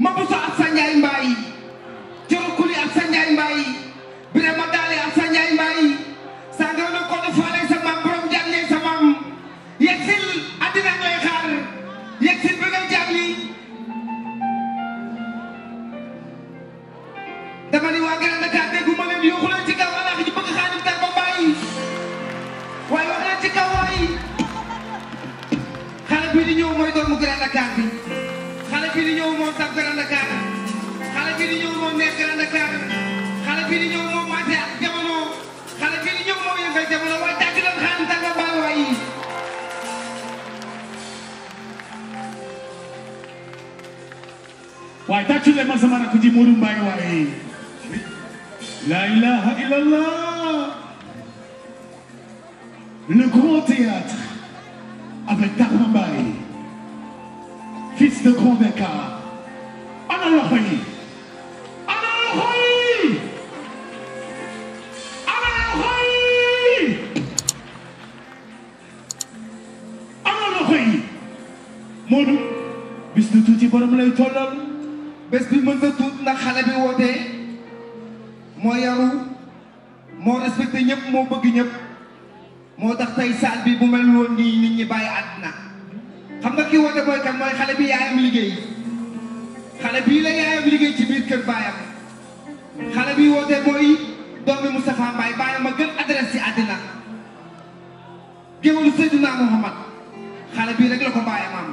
ma buso ak sa njaay mbaayi coro kuli ak sa njaay mbaayi birama daale ak sa njaay mbaayi bi di ñëw moom sax Grand Dakar xale bi di ñëw moom neex Grand Dakar xale bi di ñëw moom àtte ak jamono xale bi di ñëw moom yëngal jamono waaye tàgg leen xaan tàgga baal waay yi waaye tàccu leen ma sama rakk ji Modou Mbaye waaye la ilaha illallah le grand théâtre avec Darma Mbaye fils de Grand Dakar ana lay tolloon bés bi mën na tuut ndax xale bi wootee moo yaru moo respecté ñëpp moo bëgg ñëpp moo tax tey saal bi bu mel woon nii nit ñi bàyyi àddina xam nga kii woote booy kan mooy xale bi yaayam liggéey xale bii la yaayam liggéey ci biir kër baayam xale bi woote mooy doomi Moustapha Mbaye baayam ma gën adresse ci àddina géwalu Seydina Muhammad xale bii rek la ko baayam am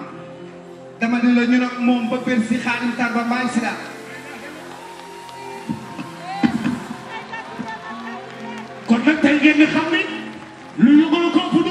dama ne ñu nag moom ba bër si xaadim tarba mbaay si daal kon nag tey ngeen xam ne lu yëngal ko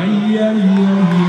ay ay ay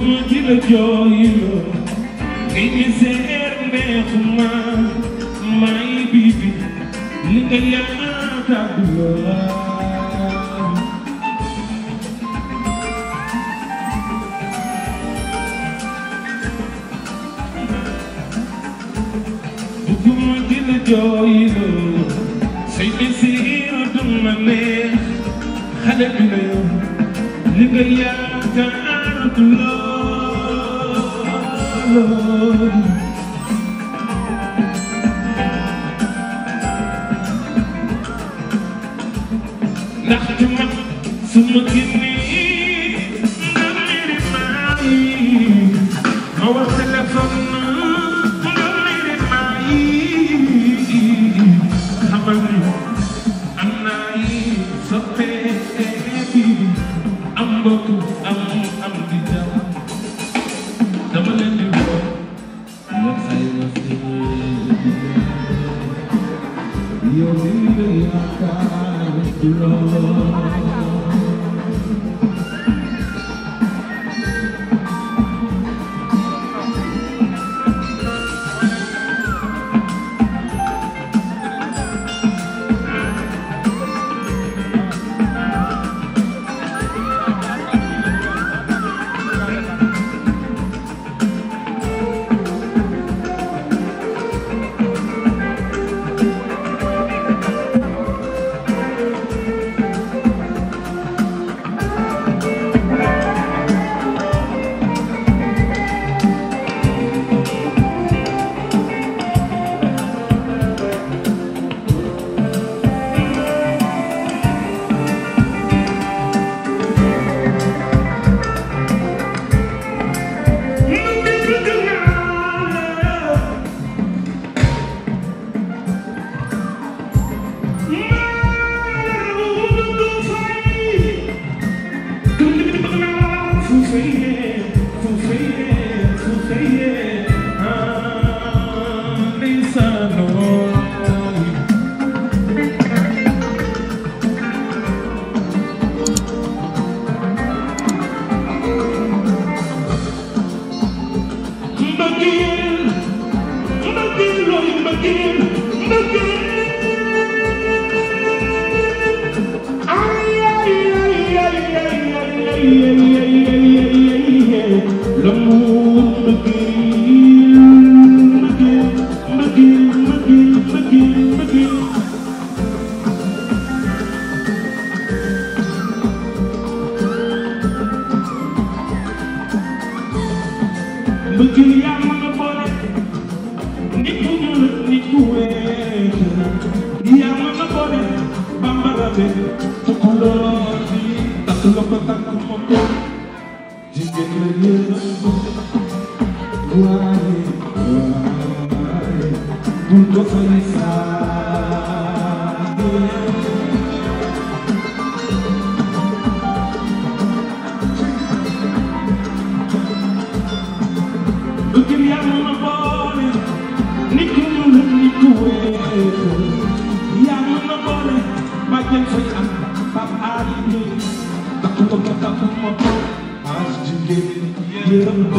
gul gi la jooyloo ngi ñu seer neexu ma may bibi li nga yaa tàggu loo jooyloo say misiir du ma neex xale bi la li nga yaakaar ndax du man su ma génnee Thank you. liberté ñëpp fay am Pape Ali ñëw takku ko takku ma ko as jigéen yërëm ko